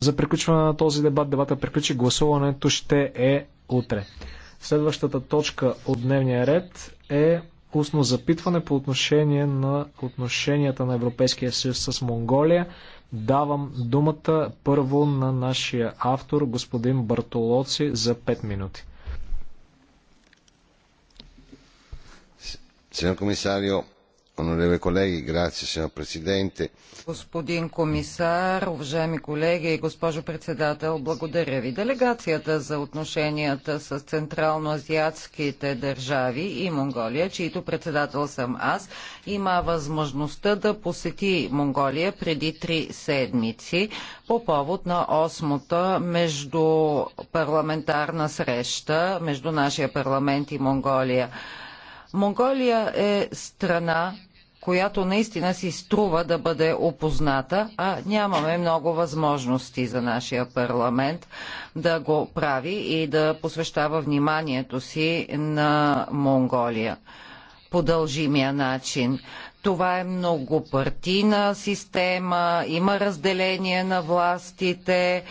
за приключване на този дебат. Дебата приключи. Гласуването ще е утре. Следващата точка от дневния ред е устно запитване по отношение на отношенията на Европейския съюз с Монголия. Давам думата първо на нашия автор, господин Бартолоци, за 5 минути. Сен комисарио, колеги, signor Presidente. Господин комисар, уважаеми колеги и госпожо председател, благодаря ви. Делегацията за отношенията с централноазиатските държави и Монголия, чието председател съм аз, има възможността да посети Монголия преди три седмици по повод на осмота междупарламентарна среща между нашия парламент и Монголия. Монголия е страна, която наистина си струва да бъде опозната, а нямаме много възможности за нашия парламент да го прави и да посвещава вниманието си на Монголия по дължимия начин. Това е многопартийна система, има разделение на властите,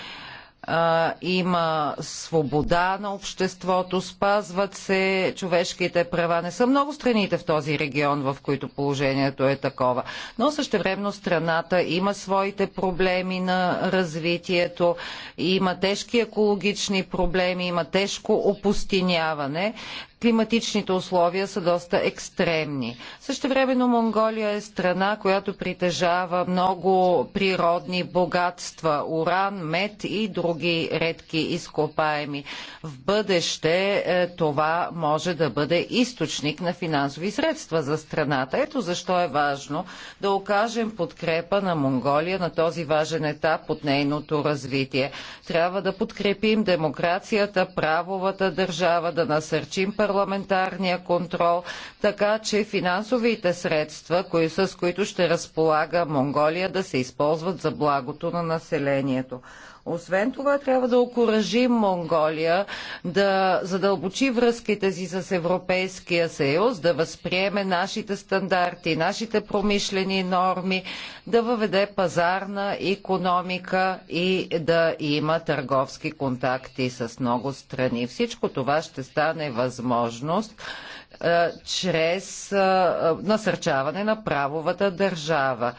има свобода на обществото, спазват се човешките права. Не са много страните в този регион, в които положението е такова. Но същевременно страната има своите проблеми на развитието, има тежки екологични проблеми, има тежко опустиняване, климатичните условия са доста екстремни. Същевременно Монголия е страна, която притежава много природни богатства, уран, мед и други редки изкопаеми. В бъдеще е, това може да бъде източник на финансови средства за страната. Ето защо е важно да окажем подкрепа на Монголия на този важен етап от нейното развитие. Трябва да подкрепим демокрацията, правовата държава, да насърчим парламентарната парламентарния контрол, така че финансовите средства, кои, с които ще разполага Монголия, да се използват за благото на населението. Освен това, трябва да окоръжим Монголия да задълбочи връзките си с Европейския съюз, да възприеме нашите стандарти, нашите промишлени норми, да въведе пазарна економика и да има търговски контакти с много страни. Всичко това ще стане възможност е, чрез е, насърчаване на правовата държава.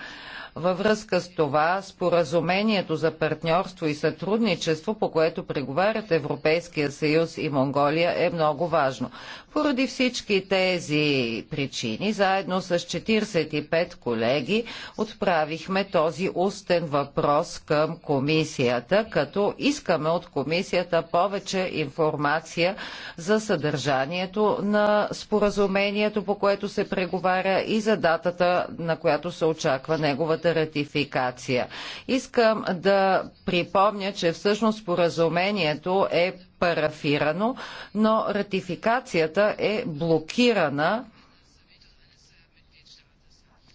Във връзка с това, споразумението за партньорство и сътрудничество, по което преговарят Европейския съюз и Монголия, е много важно. Поради всички тези причини, заедно с 45 колеги, отправихме този устен въпрос към комисията, като искаме от комисията повече информация за съдържанието на споразумението, по което се преговаря и за датата, на която се очаква неговата неговата ратификация. Искам да припомня, че всъщност споразумението е парафирано, но ратификацията е блокирана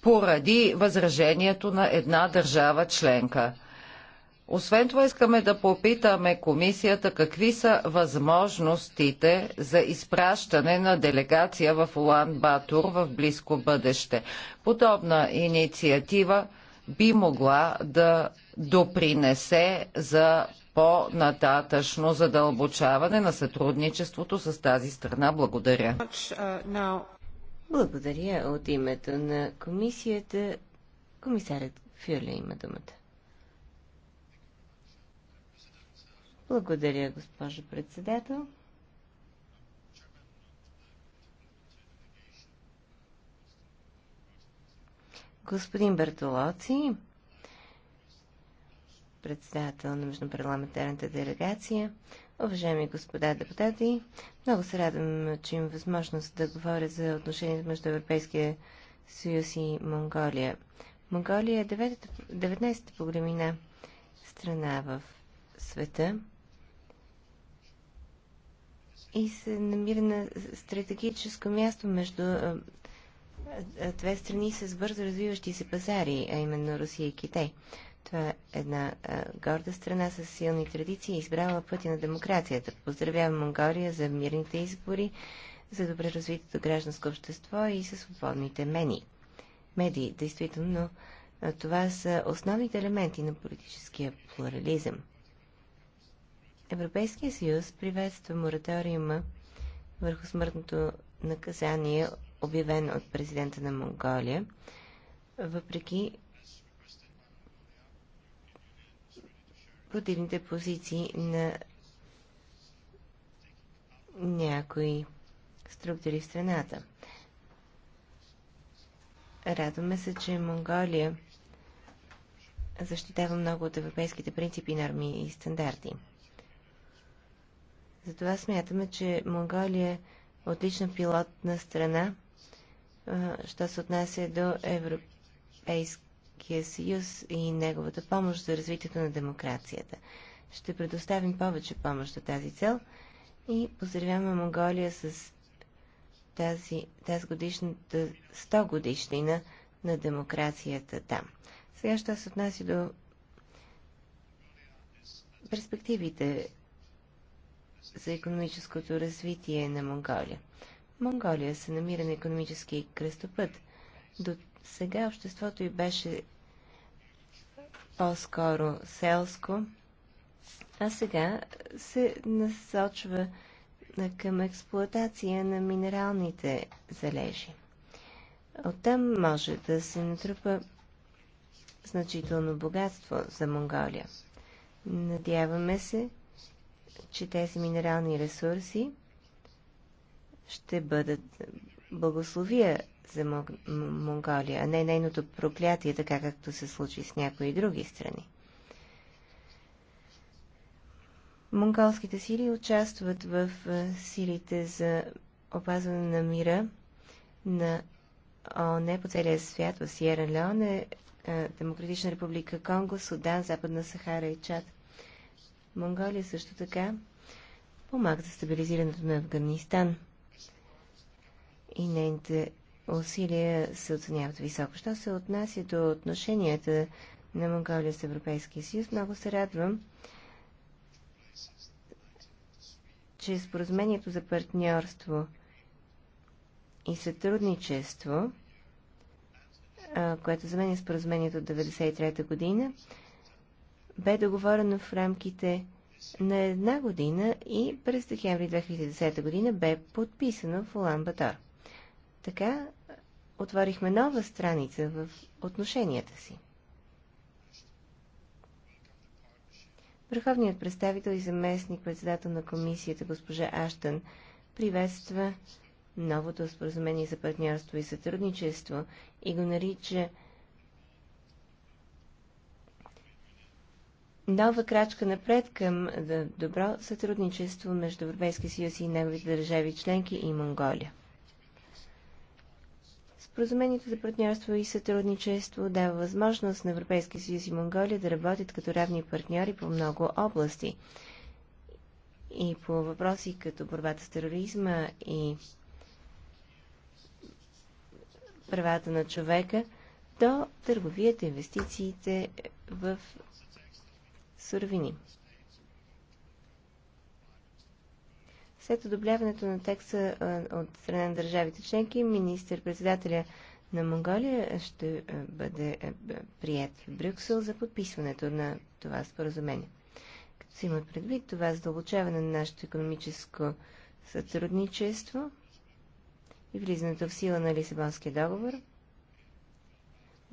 поради възражението на една държава членка. Освен това искаме да попитаме комисията какви са възможностите за изпращане на делегация в Улан Батур в близко бъдеще. Подобна инициатива би могла да допринесе за по-нататъчно задълбочаване на сътрудничеството с тази страна. Благодаря. Благодаря от името на комисията. Комисарят Фюрле има думата. Благодаря, госпожо председател. Господин Бертолоци, председател на Междупарламентарната делегация, уважаеми господа депутати, много се радвам, че имам възможност да говоря за отношението между Европейския съюз и Монголия. Монголия е 19-та по големина страна в света и се намира на стратегическо място между е, е, две страни с бързо развиващи се пазари, а именно Русия и Китай. Това е една а, е, горда страна с силни традиции, избрала пътя на демокрацията. Поздравявам Монголия за мирните избори, за добре развитото гражданско общество и за свободните мени. Медии, действително, а, това са основните елементи на политическия плурализъм. Европейския съюз приветства мораториума върху смъртното наказание обявен от президента на Монголия, въпреки противните позиции на някои структури в страната. Радваме се, че Монголия защитава много от европейските принципи, норми и стандарти. Затова смятаме, че Монголия е отлична пилотна страна що се отнася до Европейския съюз и неговата помощ за развитието на демокрацията. Ще предоставим повече помощ за тази цел и поздравяваме Монголия с тази, тази годишната 100 годишнина на демокрацията там. Сега ще се отнася до перспективите за економическото развитие на Монголия. Монголия се намира на економически кръстопът. До сега обществото й беше по-скоро селско, а сега се насочва към експлоатация на минералните залежи. Оттам може да се натрупа значително богатство за Монголия. Надяваме се, че тези минерални ресурси ще бъдат благословия за Монголия, а не нейното проклятие, така както се случи с някои други страни. Монголските сили участват в силите за опазване на мира на ООН по целия свят в Сиера Леоне, Демократична република Конго, Судан, Западна Сахара и Чад. Монголия също така помага за стабилизирането на Афганистан – и нейните усилия се оценяват високо. Що се отнася до отношенията на Монголия с Европейския съюз, много се радвам, че споразумението за партньорство и сътрудничество, което за мен е споразумението от 1993 година, бе договорено в рамките на една година и през декември 2010 година бе подписано в Улан Батор. Така отворихме нова страница в отношенията си. Върховният представител и заместник председател на комисията госпожа Аштън приветства новото споразумение за партньорство и сътрудничество и го нарича нова крачка напред към добро сътрудничество между Европейския съюз и неговите държави членки и Монголия. Споразумението за партньорство и сътрудничество дава възможност на Европейския съюз и Монголия да работят като равни партньори по много области. И по въпроси като борбата с тероризма и правата на човека, до търговията, инвестициите в суровини. След одобряването на текста от страна на държавите членки, министър-председателя на Монголия ще бъде прият в Брюксел за подписването на това споразумение. Като се има предвид това задълбочаване на нашето економическо сътрудничество и влизането в сила на Лисабонския договор,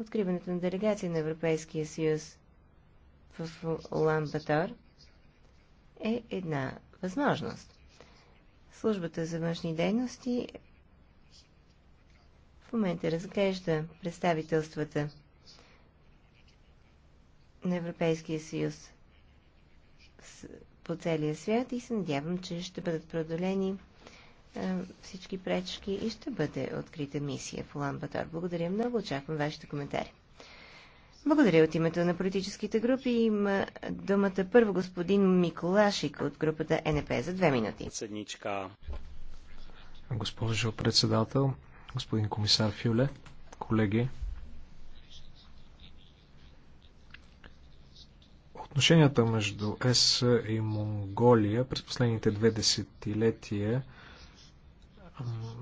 откриването на делегация на Европейския съюз в Улан Батор е една възможност. Службата за външни дейности в момента разглежда представителствата на Европейския съюз по целия свят и се надявам, че ще бъдат преодолени всички пречки и ще бъде открита мисия в Батор. Благодаря много, очаквам вашите коментари. Благодаря от името на политическите групи. Има думата първо господин Миколашик от групата НП за две минути. Съдничка. Госпожо председател, господин комисар Фюле, колеги. Отношенията между ЕС и Монголия през последните две десетилетия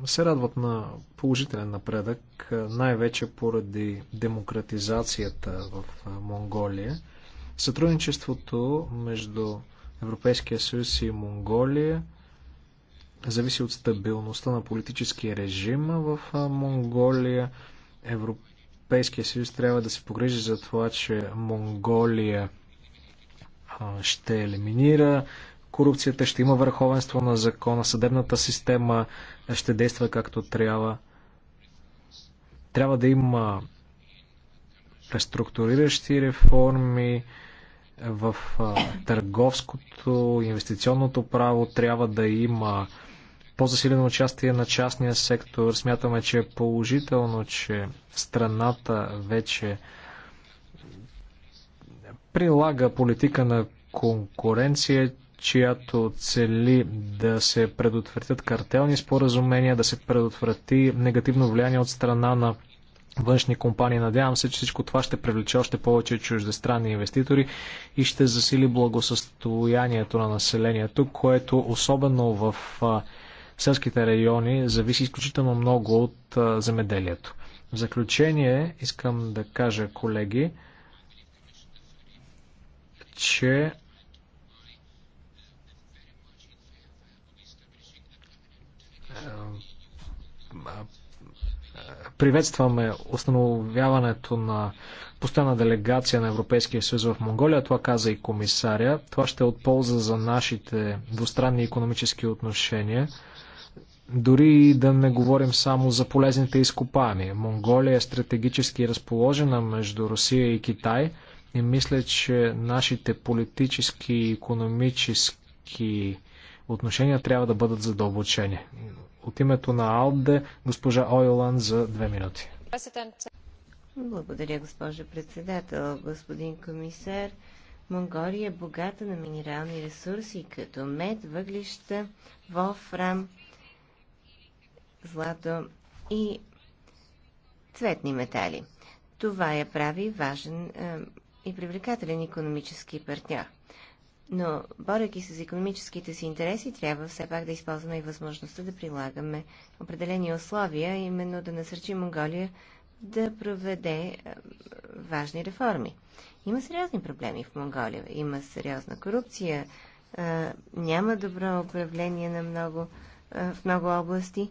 се радват на положителен напредък, най-вече поради демократизацията в Монголия. Сътрудничеството между Европейския съюз и Монголия зависи от стабилността на политическия режим в Монголия. Европейския съюз трябва да се погрежи за това, че Монголия ще елиминира корупцията, ще има върховенство на закона, съдебната система ще действа както трябва. Трябва да има преструктуриращи реформи в търговското, инвестиционното право, трябва да има по-засилено участие на частния сектор. Смятаме, че е положително, че страната вече прилага политика на конкуренция, чиято цели да се предотвратят картелни споразумения, да се предотврати негативно влияние от страна на външни компании. Надявам се, че всичко това ще привлече още повече чуждестранни инвеститори и ще засили благосъстоянието на населението, което особено в селските райони зависи изключително много от земеделието. В заключение искам да кажа, колеги, че приветстваме установяването на постоянна делегация на Европейския съюз в Монголия. Това каза и комисаря. Това ще е от полза за нашите двустранни економически отношения. Дори да не говорим само за полезните изкопаеми. Монголия е стратегически разположена между Русия и Китай и мисля, че нашите политически и економически отношения трябва да бъдат задълбочени. От името на АЛДЕ, госпожа Ойолан за две минути. Благодаря, госпожа председател. Господин комисар, Монголия е богата на минерални ресурси, като мед, въглища, вофрам, злато и цветни метали. Това я прави важен е, и привлекателен економически партньор. Но, борейки се с економическите си интереси, трябва все пак да използваме и възможността да прилагаме определени условия, именно да насърчи Монголия да проведе е, важни реформи. Има сериозни проблеми в Монголия. Има сериозна корупция, е, няма добро управление на много, е, в много области.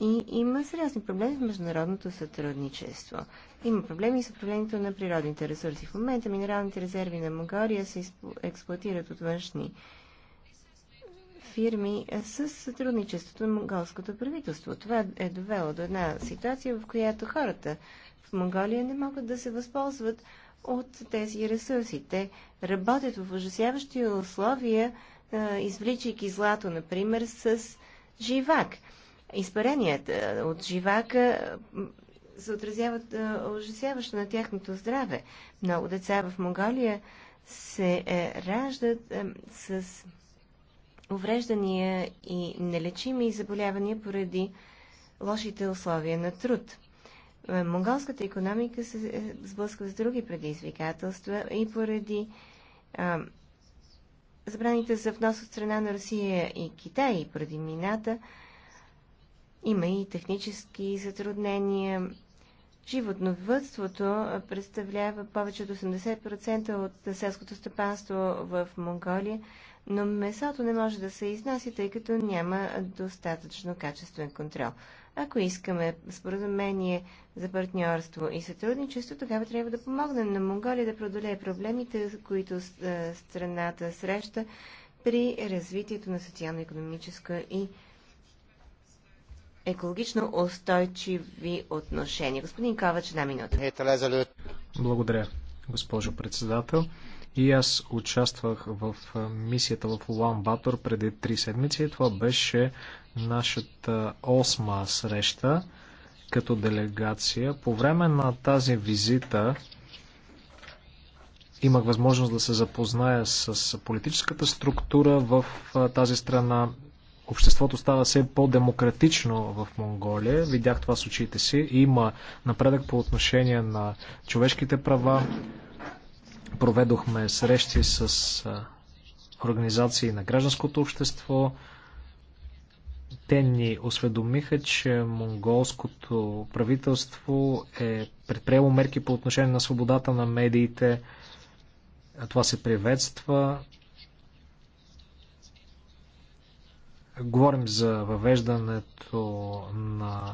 И има сериозни проблеми с международното сътрудничество. Има проблеми с управлението на природните ресурси. В момента минералните резерви на Могория се експлуатират от външни фирми с сътрудничеството на монголското правителство. Това е довело до една ситуация, в която хората в Монголия не могат да се възползват от тези ресурси. Те работят в ужасяващи условия, извличайки злато, например, с живак изпаренията е, от живака се отразяват е, ужасяващо на тяхното здраве. Много деца в Монголия се е, раждат с увреждания и нелечими заболявания поради лошите условия на труд. Монголската економика се сблъсква с други предизвикателства и поради а, забраните за внос от страна на Русия и Китай и поради мината – има и технически затруднения. Животновътството представлява повече от 80% от селското стопанство в Монголия, но месото не може да се изнася, тъй като няма достатъчно качествен контрол. Ако искаме споразумение за партньорство и сътрудничество, тогава трябва да помогнем на Монголия да продолее проблемите, които е, страната среща при развитието на социално-економическа и екологично устойчиви отношения. Господин Кавач, една минута. Е Благодаря, госпожо председател. И аз участвах в мисията в Улан Батор преди три седмици. Това беше нашата осма среща като делегация. По време на тази визита имах възможност да се запозная с политическата структура в тази страна, обществото става все по-демократично в Монголия. Видях това с очите си. Има напредък по отношение на човешките права. Проведохме срещи с организации на гражданското общество. Те ни осведомиха, че монголското правителство е предприело мерки по отношение на свободата на медиите. Това се приветства. Говорим за въвеждането на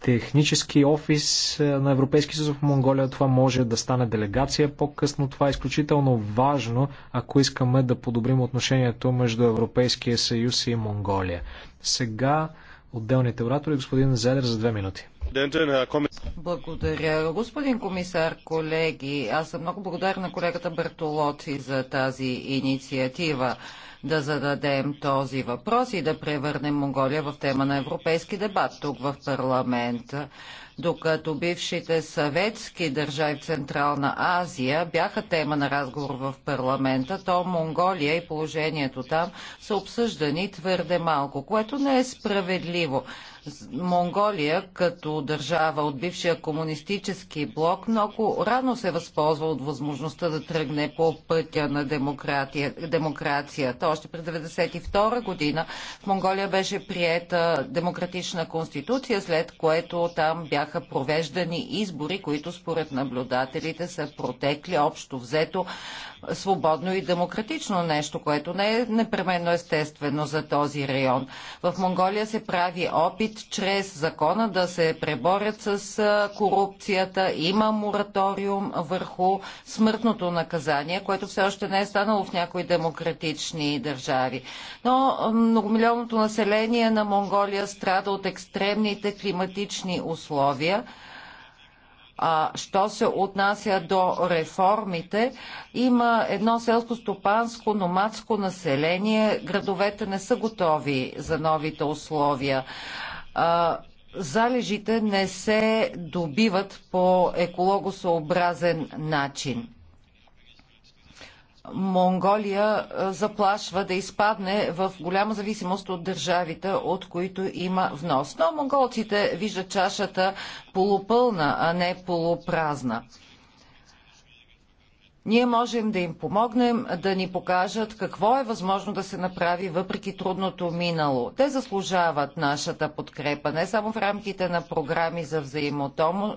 технически офис на Европейски съюз в Монголия. Това може да стане делегация по-късно. Това е изключително важно, ако искаме да подобрим отношението между Европейския съюз и Монголия. Сега отделните оратори, господин Зелер, за две минути. Благодаря. Господин комисар, колеги, аз съм много благодарна на колегата Бертолоци за тази инициатива да зададем този въпрос и да превърнем Монголия в тема на европейски дебат тук в парламента докато бившите съветски държави в Централна Азия бяха тема на разговор в парламента, то Монголия и положението там са обсъждани твърде малко, което не е справедливо. Монголия като държава от бившия комунистически блок много рано се възползва от възможността да тръгне по пътя на демокрацията. Още през 1992 година в Монголия беше приета демократична конституция, след което там бяха бяха провеждани избори, които според наблюдателите са протекли общо взето свободно и демократично нещо, което не е непременно естествено за този район. В Монголия се прави опит чрез закона да се преборят с корупцията. Има мораториум върху смъртното наказание, което все още не е станало в някои демократични държави. Но многомилионното население на Монголия страда от екстремните климатични условия. А, що се отнася до реформите, има едно селско-стопанско номадско население. Градовете не са готови за новите условия. А, залежите не се добиват по екологосъобразен начин. Монголия е, заплашва да изпадне в голяма зависимост от държавите, от които има внос. Но монголците виждат чашата полупълна, а не полупразна. Ние можем да им помогнем да ни покажат какво е възможно да се направи въпреки трудното минало. Те заслужават нашата подкрепа не само в рамките на програми за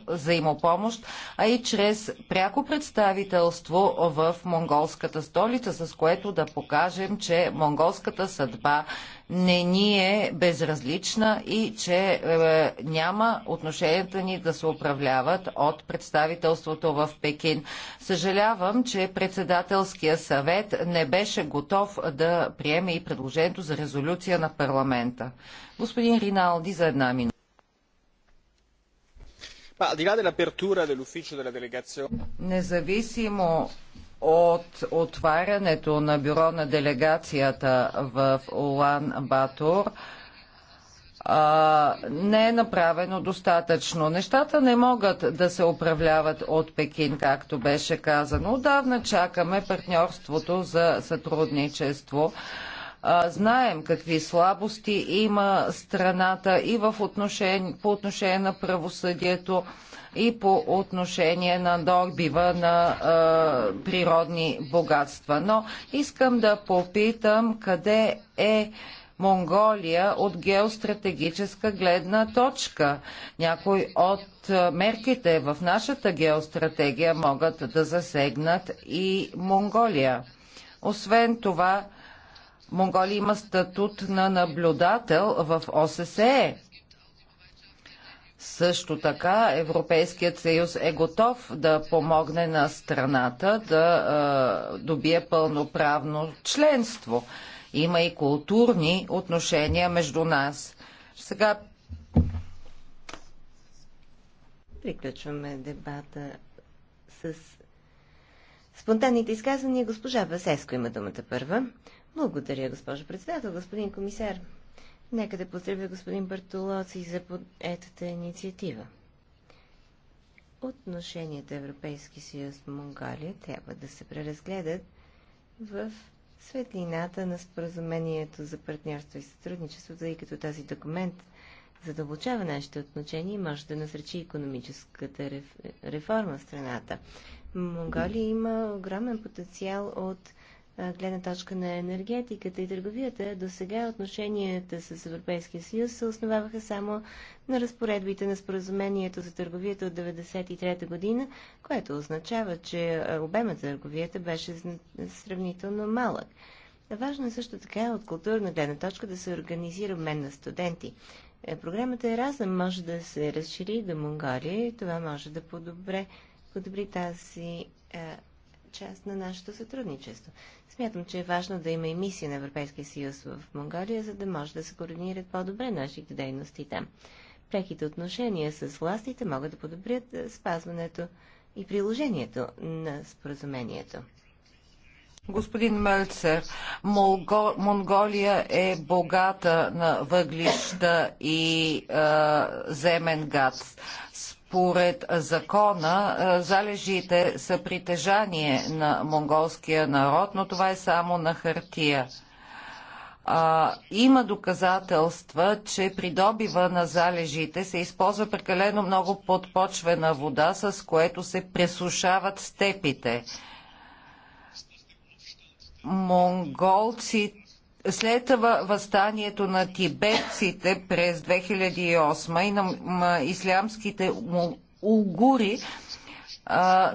взаимопомощ, а и чрез пряко представителство в монголската столица, с което да покажем, че монголската съдба не ни е безразлична и че е, няма отношенията ни да се управляват от представителството в Пекин. Съжалявам, че председателския съвет не беше готов да приеме и предложението за резолюция на парламента. Господин Риналди за една минута. Независимо от отварянето на бюро на делегацията в Улан Батор а, не е направено достатъчно. Нещата не могат да се управляват от Пекин, както беше казано. Отдавна чакаме партньорството за сътрудничество Знаем какви слабости има страната и в отношение, по отношение на правосъдието, и по отношение на добива на а, природни богатства. Но искам да попитам къде е Монголия от геостратегическа гледна точка. Някои от мерките в нашата геостратегия могат да засегнат и Монголия. Освен това, Монголия има статут на наблюдател в ОССЕ. Също така Европейският съюз е готов да помогне на страната да е, добие пълноправно членство. Има и културни отношения между нас. Сега. Приключваме дебата с спонтанните изказвания. Госпожа Васеско има думата първа. Благодаря, госпожо председател, господин комисар. Нека да поздравя господин Бартолоци за етата инициатива. Отношенията Европейски съюз с Монголия трябва да се преразгледат в светлината на споразумението за партньорство и сътрудничество, тъй като този документ задълбочава нашите отношения и може да насречи економическата реформа в страната. Монголия има огромен потенциал от гледна точка на енергетиката и търговията, до сега отношенията с Европейския съюз се основаваха само на разпоредбите на споразумението за търговията от 1993 година, което означава, че обемът за търговията беше сравнително малък. Важно е също така от културна гледна точка да се организира обмен на студенти. Е, програмата е разна, може да се разшири до Монголия и това може да подобре, подобри тази част на нашето сътрудничество. Смятам, че е важно да има и мисия на Европейския съюз в Монголия, за да може да се координират по-добре нашите дейности там. Преките отношения с властите могат да подобрят е, спазването и приложението на споразумението. Господин Мълцер, Молго, Монголия е богата на въглища и е, земен газ. Според закона залежите са притежание на монголския народ, но това е само на хартия. А, има доказателства, че при добива на залежите се използва прекалено много подпочвена вода, с което се пресушават степите монголците след възстанието на тибетците през 2008 и на ислямските угури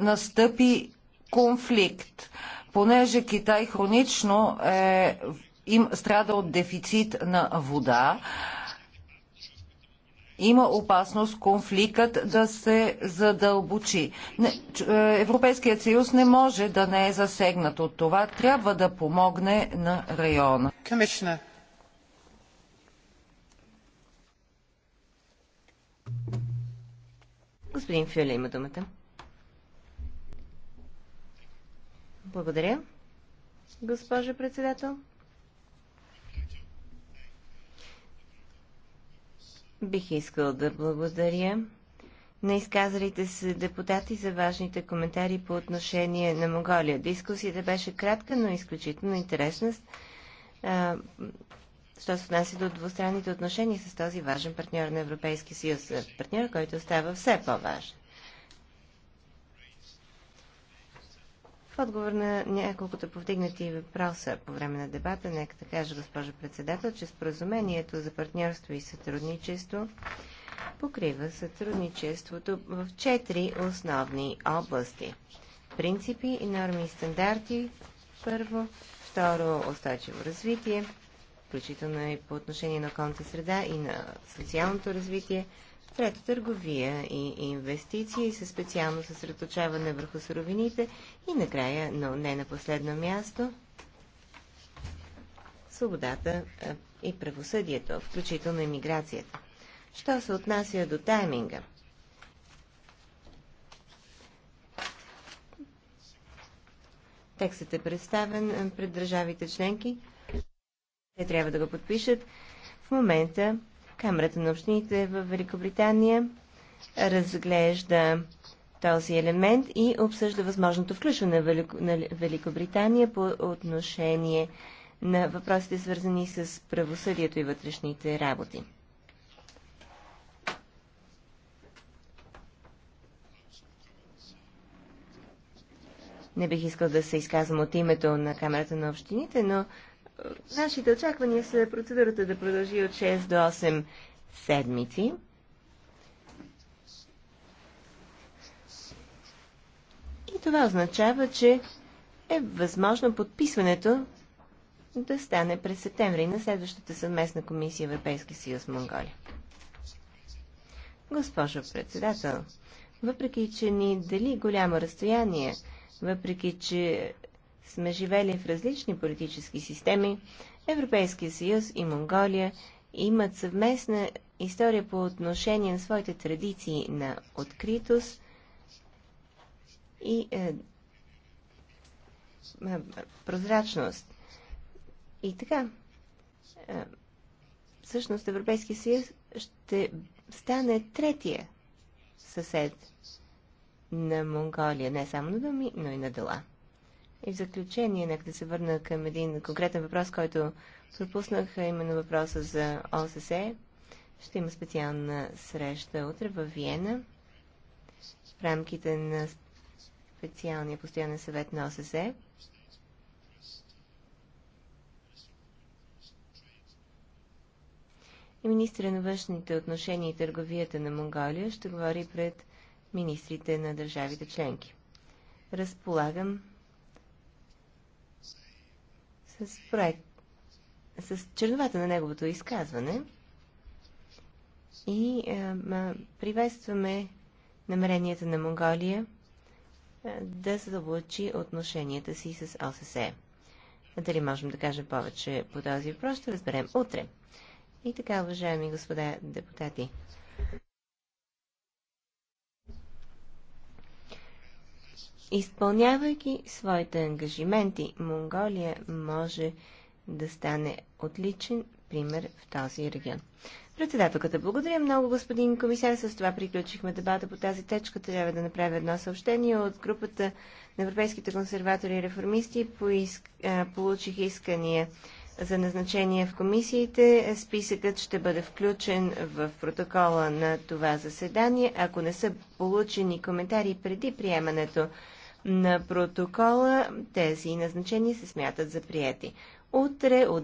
настъпи конфликт, понеже Китай хронично е, им страда от дефицит на вода има опасност конфликтът да се задълбочи. Е, Европейският съюз не може да не е засегнат от това. Трябва да помогне на района. Господин Фюле има думата. Благодаря. Госпожо председател. Бих искал да благодаря на изказалите се депутати за важните коментари по отношение на Монголия. Дискусията беше кратка, но изключително интересна, що се отнася до двустранните отношения с този важен партньор на Европейския съюз. Партньор, който става все по-важен. В отговор на няколкото повдигнати въпроса по време на дебата, нека да кажа, госпожа председател, че споразумението за партньорство и сътрудничество покрива сътрудничеството в четири основни области. Принципи и норми и стандарти, първо, второ, устойчиво развитие, включително и по отношение на околната среда и на социалното развитие, Трето, търговия и инвестиции със специално съсредоточаване върху суровините и накрая, но не на последно място, свободата и правосъдието, включително иммиграцията. Що се отнася до тайминга? Текстът е представен пред държавите членки. Те трябва да го подпишат. В момента Камерата на общините в Великобритания разглежда този елемент и обсъжда възможното включване на Великобритания по отношение на въпросите, свързани с правосъдието и вътрешните работи. Не бих искал да се изказвам от името на Камерата на общините, но Нашите очаквания са процедурата да продължи от 6 до 8 седмици. И това означава, че е възможно подписването да стане през септември на следващата съвместна комисия Европейски съюз Монголия. Госпожо председател, въпреки, че ни дали голямо разстояние, въпреки, че сме живели в различни политически системи, Европейския съюз и Монголия имат съвместна история по отношение на своите традиции на откритост и е, е, прозрачност. И така, е, всъщност Европейския съюз ще стане третия съсед на Монголия, не само на думи, но и на дела. И в заключение, нека да се върна към един конкретен въпрос, който пропуснах, именно въпроса за ОССЕ. Ще има специална среща утре в Виена в рамките на специалния постоянен съвет на ОССЕ. И министра на външните отношения и търговията на Монголия ще говори пред министрите на държавите членки. Разполагам с проект, с черновата на неговото изказване и е, а, приветстваме намеренията на Монголия е, да задълбочи отношенията си с ОССЕ. Дали можем да кажем повече по този въпрос, ще разберем утре. И така, уважаеми господа депутати, Изпълнявайки своите ангажименти, Монголия може да стане отличен пример в този регион. Председателката, благодаря много, господин комисар. С това приключихме дебата по тази течка. Трябва да направя едно съобщение от групата на европейските консерватори и реформисти. Поиск... Получих искания за назначение в комисиите. Списъкът ще бъде включен в протокола на това заседание. Ако не са получени коментари преди приемането на протокола. Тези назначения се смятат за прияти. Утре от